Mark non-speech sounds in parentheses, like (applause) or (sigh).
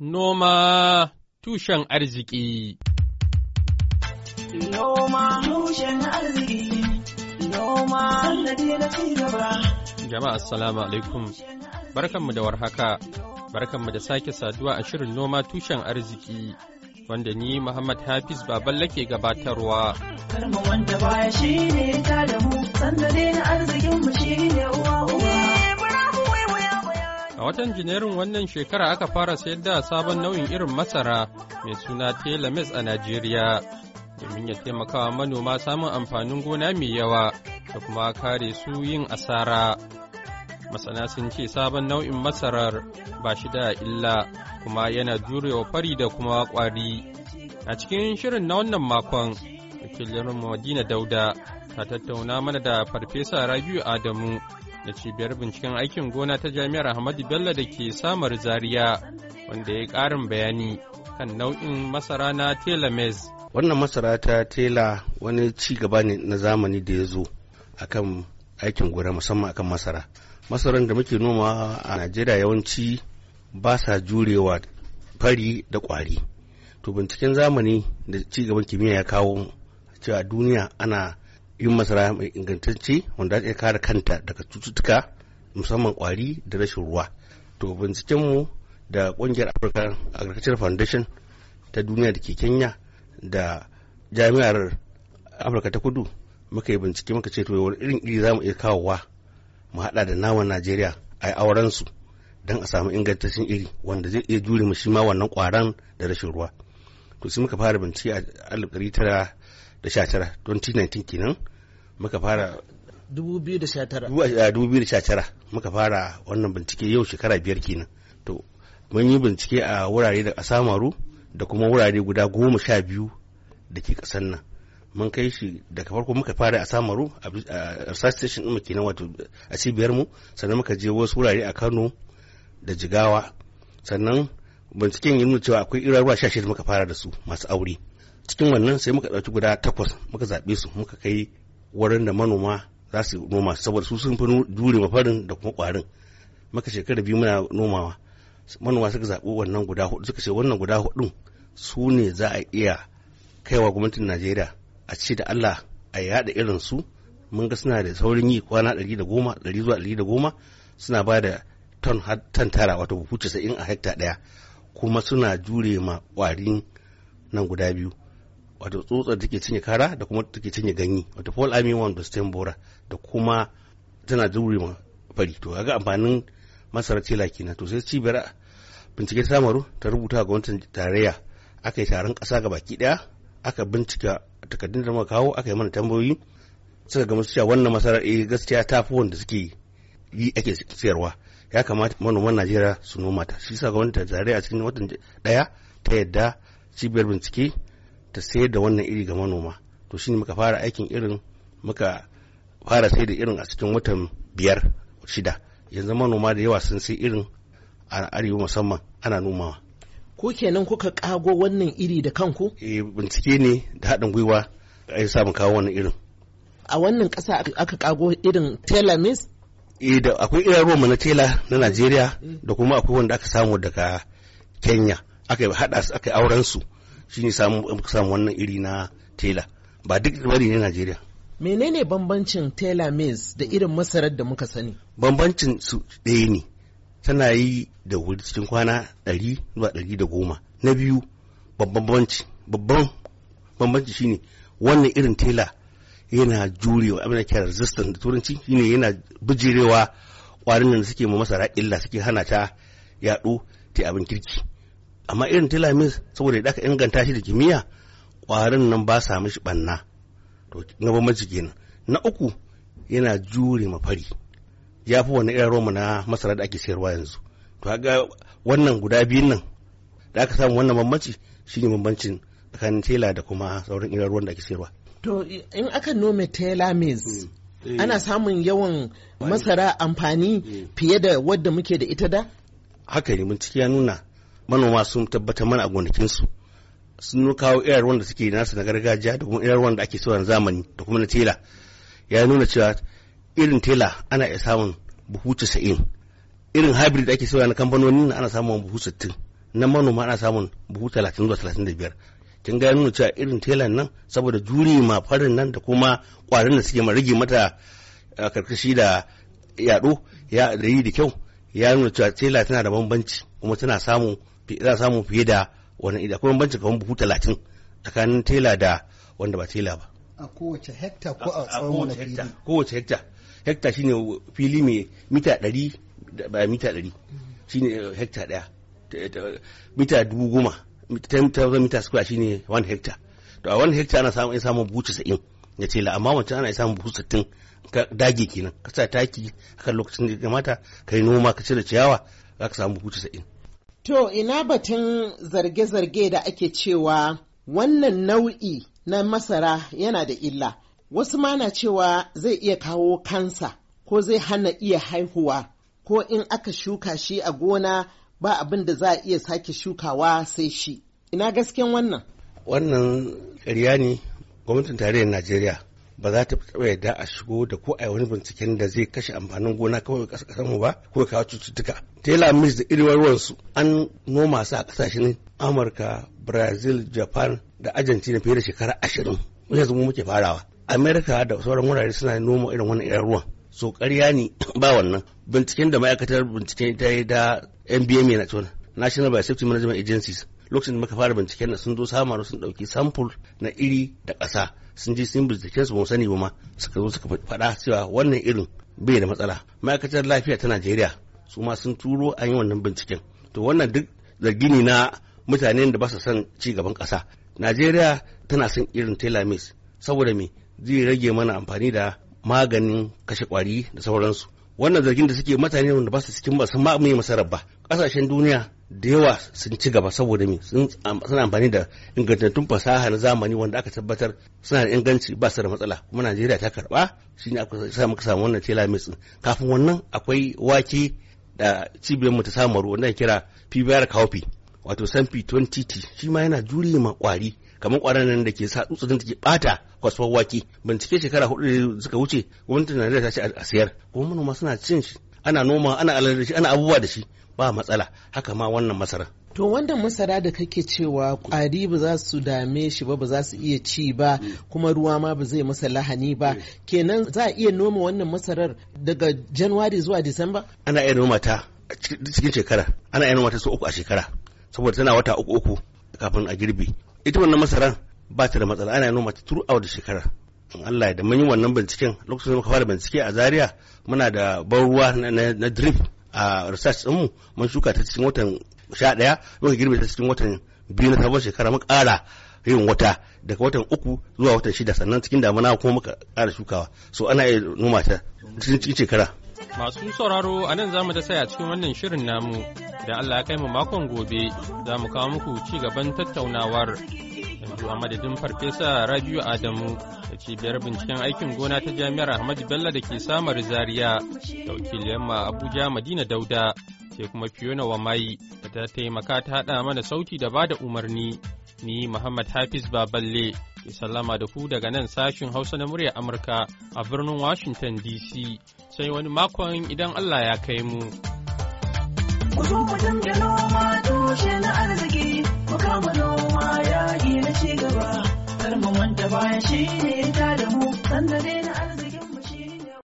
Noma tushen arziki Noma tushen arziki Noma gaba Jama'a assalamu alaikum barkanmu da warhaka barkanmu da sake saduwa a shirin noma tushen arziki wanda ni Muhammad Hafiz baban lake gabatarwa Karma wanda baya shine ta da mu sandare na arzikin mu shine uwa uwa A watan Janairun wannan shekara aka fara sayar da sabon nau'in irin masara mai suna Telemis a Najeriya domin ya taimakawa manoma samun amfanin gona mai yawa da kuma kare su yin asara. Masana sun ce sabon nau'in masarar ba shi da illa kuma yana jurewa fari da kuma kwari. A cikin shirin na wannan makon, wakilin Madina Dauda ta tattauna mana da Farfesa Rabiu Adamu da cibiyar binciken aikin gona ta jami'ar Ahmadu Bello da ke samar zariya wanda ya ƙarin bayani kan nau'in masara na tela maize. Wannan masara ta tela wani ci gaba ne na zamani da ya zo akan aikin gona musamman akan masara. Masaran da muke noma a Najeriya yawanci ba sa jurewa fari da ƙwari. To binciken zamani da ci gaban kimiyya ya kawo cewa duniya ana yin masara mai ingantacce wanda ake kare kanta daga cututtuka musamman kwari da rashin ruwa to binciken mu da kungiyar african agriculture foundation ta duniya da ke kenya da jami'ar afirka ta kudu muka yi bincike muka ce to wani irin iri za mu iya kawowa mu hada da naman najeriya a yi auren su don a samu ingantaccen iri wanda zai iya jure mu shi ma wannan kwaran da rashin ruwa to sai muka fara bincike a alif tara 2019 kenan muka fara 2019 eh, muka fara wannan bincike yau shekara biyar kenan to mun yi bincike a wurare da asamaru da kuma wurare guda goma sha biyu da ke kasan nan mun kai shi daga farko muka fara a samaru a research station ɗin kenan wato a cibiyar mu sannan muka je wasu wurare a kano da jigawa sannan binciken ya nuna cewa akwai irarwa 16 muka fara da su masu aure cikin wannan sai muka ɗauki guda takwas muka zaɓe su muka kai wurin da manoma za su noma saboda su sun fi jure mafarin da kuma ƙwarin muka shekara biyu muna nomawa manoma suka zaɓi wannan guda hudu suka ce wannan guda hudun su ne za a iya kaiwa gwamnatin najeriya a ce da allah a yaɗa irin su mun ga suna da saurin yi kwana ɗari da goma ɗari zuwa ɗari da goma suna ba da ton har tan tara wato buhu casa'in a hekta ɗaya kuma suna jure ma ƙwarin nan guda biyu wato tsotsar da ke cinye kara da kuma take cinye ganye wato fall armyworm da stem borer da kuma tana jure ma fari to kaga amfanin masara tela kenan to sai cibiyar bincike ta samaru ta rubuta ga wancan tarayya aka yi taron kasa ga baki daya aka bincika takardun da muka kawo aka yi mana tambayoyi suka ga cewa wannan masara eh gaskiya ta fi wanda suke yi ake siyarwa ya kamata manoman Najeriya su noma ta shi sa gwamnati tarayya cikin watan ɗaya ta yadda cibiyar bincike ta sayar da wannan iri ga manoma to shine muka fara aikin irin muka fara sayar da irin a cikin watan biyar shida yanzu manoma da yawa sun sai irin a arewa musamman ana nomawa ko kenan kuka kago wannan iri da kanku eh bincike ne da haɗin gwiwa a yi samu kawo wannan irin a wannan ƙasa aka kago irin telamis eh da akwai irin roma na tela na Najeriya mm. da kuma akwai wanda aka samu daga Kenya aka haɗa su aka auren su shi samu samu wannan iri na tela ba duk bari ne Najeriya menene bambancin tela maize da irin masarar da muka sani bambancin su ɗaya ne tana yi da wuri cikin kwana ɗari zuwa ɗari da goma na biyu babban bambanci babban ne wannan irin tela yana jurewa abin da ke resistant da turanci shine yana bijirewa kwarin da suke ma masara illa suke hana ta yaɗo ta abin kirki amma irin telamis saboda idan aka inganta shi da kimiyya ƙwarin nan ba sa mishi ɓanna to na bambanci kenan na uku yana jure ma fari ya fi wani irin roma na masara da ake sayarwa yanzu to ga wannan guda biyun nan da aka samu wannan bambanci shi ne bambancin tsakanin tela da kuma sauran irin ruwan da ake sayarwa to in aka nome tela maize mm. ana eh. samun yawan masara amfani mm. fiye da wadda muke da ita da haka mun ciki ya nuna manoma sun tabbatar mana a gonakinsu sun kawo irar wanda suke nasu na gargajiya da kuma irar wanda ake sauran zamani da kuma na tela ya nuna cewa irin tela ana iya samun buhu casa'in irin hybrid da ake sauran na kamfanonin ana samun buhu sittin na manoma ana samun buhu talatin zuwa talatin da biyar kin ga nuna cewa irin telan nan saboda juri ma farin nan da kuma kwarin da suke ma rage mata eh, karkashi da yaɗo ya da yi da kyau ya nuna cewa tela tana da bambanci kuma tana samun za a samu fiye da wani iri kuma bambanci kamar buhu talatin tsakanin tela da wanda ba tela ba a kowace hekta ko a tsawon wani fili kowace hekta hekta shine fili mai mita ɗari ba mita ɗari shine eh, hekta ɗaya mita dubu goma thousand mita square shine one hekta to a one hekta ana samun samun buhu casa'in ya tela amma wancan ana samun buhu sittin ka dage kenan ka sa taki akan lokacin da ya kamata ka yi noma ka cire ciyawa za ka samu buhu casa'in To ina batun zarge-zarge da ake cewa wannan nau'i na masara yana da illa. Wasu ma na cewa zai iya kawo kansa ko zai hana iya haihuwa ko in aka shuka shi a gona ba abin da za a iya sake shukawa sai shi. Ina gasken wannan? Wannan ƙarya ne gwamnatin tarayyar Najeriya ba za ta taɓa yadda a shigo da ko a wani binciken da zai kashe amfanin gona kawai ƙasar mu ba ko kawo cututtuka tela mis da irin su an noma su a ƙasashen amurka brazil japan da argentina fiye da shekara ashirin yanzu mu muke farawa amerika da sauran wurare suna noma irin wannan irin ruwan so ƙarya ne (coughs) ba wannan binciken da ma'aikatar binciken ta yi da NBMA na tona national biosafety management agencies lokacin da muka fara binciken na sun zo samar sun ɗauki sample na iri da ƙasa sun ji sun bincike su ba sani ba ma suka zo suka faɗa cewa wannan irin bai da matsala ma'aikatar lafiya ta najeriya su ma sun turo an yi wannan binciken to wannan duk zargi ne na mutane da ba su son ci gaban ƙasa najeriya tana son irin telamis saboda me zai rage mana amfani da maganin kashe kwari da sauransu wannan zargin da suke mutane wanda ba su cikin ba su ma mai masarar ba ƙasashen duniya da yawa sun ci gaba saboda me suna amfani da ingantattun fasaha na zamani wanda aka tabbatar suna da inganci ba su da matsala kuma najeriya ta karba ne aka sa muka samu wannan tela mai kafin wannan akwai wake da cibiyar mu ta ruwa wanda kira pbr cowpea wato sanfi 20t shi ma yana jure ma kwari kamar kwaran nan da ke sa tsutsu da take bata kwasuwar wake bincike shekara hudu da suka wuce gwamnatin Najeriya ta ce a siyar kuma manoma suna cin shi ana noma ana alal da shi ana abubuwa da shi ba matsala haka ma wannan masara to wannan masara da kake cewa kwari ba za su dame shi ba ba za su iya ci ba kuma ruwa ma ba zai masa lahani ba mm. kenan za a iya noma wannan masarar daga januwari zuwa disamba ana iya noma ta cikin shekara ana iya noma ta su uku a shekara saboda tana wata uku uku kafin a girbi ita wannan masarar ba ta da matsala ana noma ta throughout shekara in Allah ya da mun yi wannan binciken lokacin da muka fara bincike a Zaria muna da ban ruwa na drip a research mu mun shuka ta cikin watan 11 muka girbe ta cikin watan biyu na sabon shekara mu ƙara yin wata daga watan uku zuwa watan shida sannan cikin damuna kuma muka ƙara shukawa so ana iya noma ta cikin shekara. Masu sauraro a nan za mu ta saya cikin wannan shirin namu da Allah ya kai mu makon gobe za mu kawo muku ci gaban tattaunawar yanzu a madadin farfesa rabiu adamu da cibiyar binciken aikin gona ta jami'ar Ahmadu bello da ke samar zaria da yamma abuja madina dauda sai kuma fiona wamai da ta taimaka ta haɗa mana sauti da bada umarni ni muhammad hafiz baballe ke sallama da ku daga nan sashin hausa na murya amurka a birnin washington dc sai wani makon idan allah ya kai mu. Ku zo mu dinga noma tushe na arziki, ku kama noma ya wanda baya shi ne ta da mu sanda na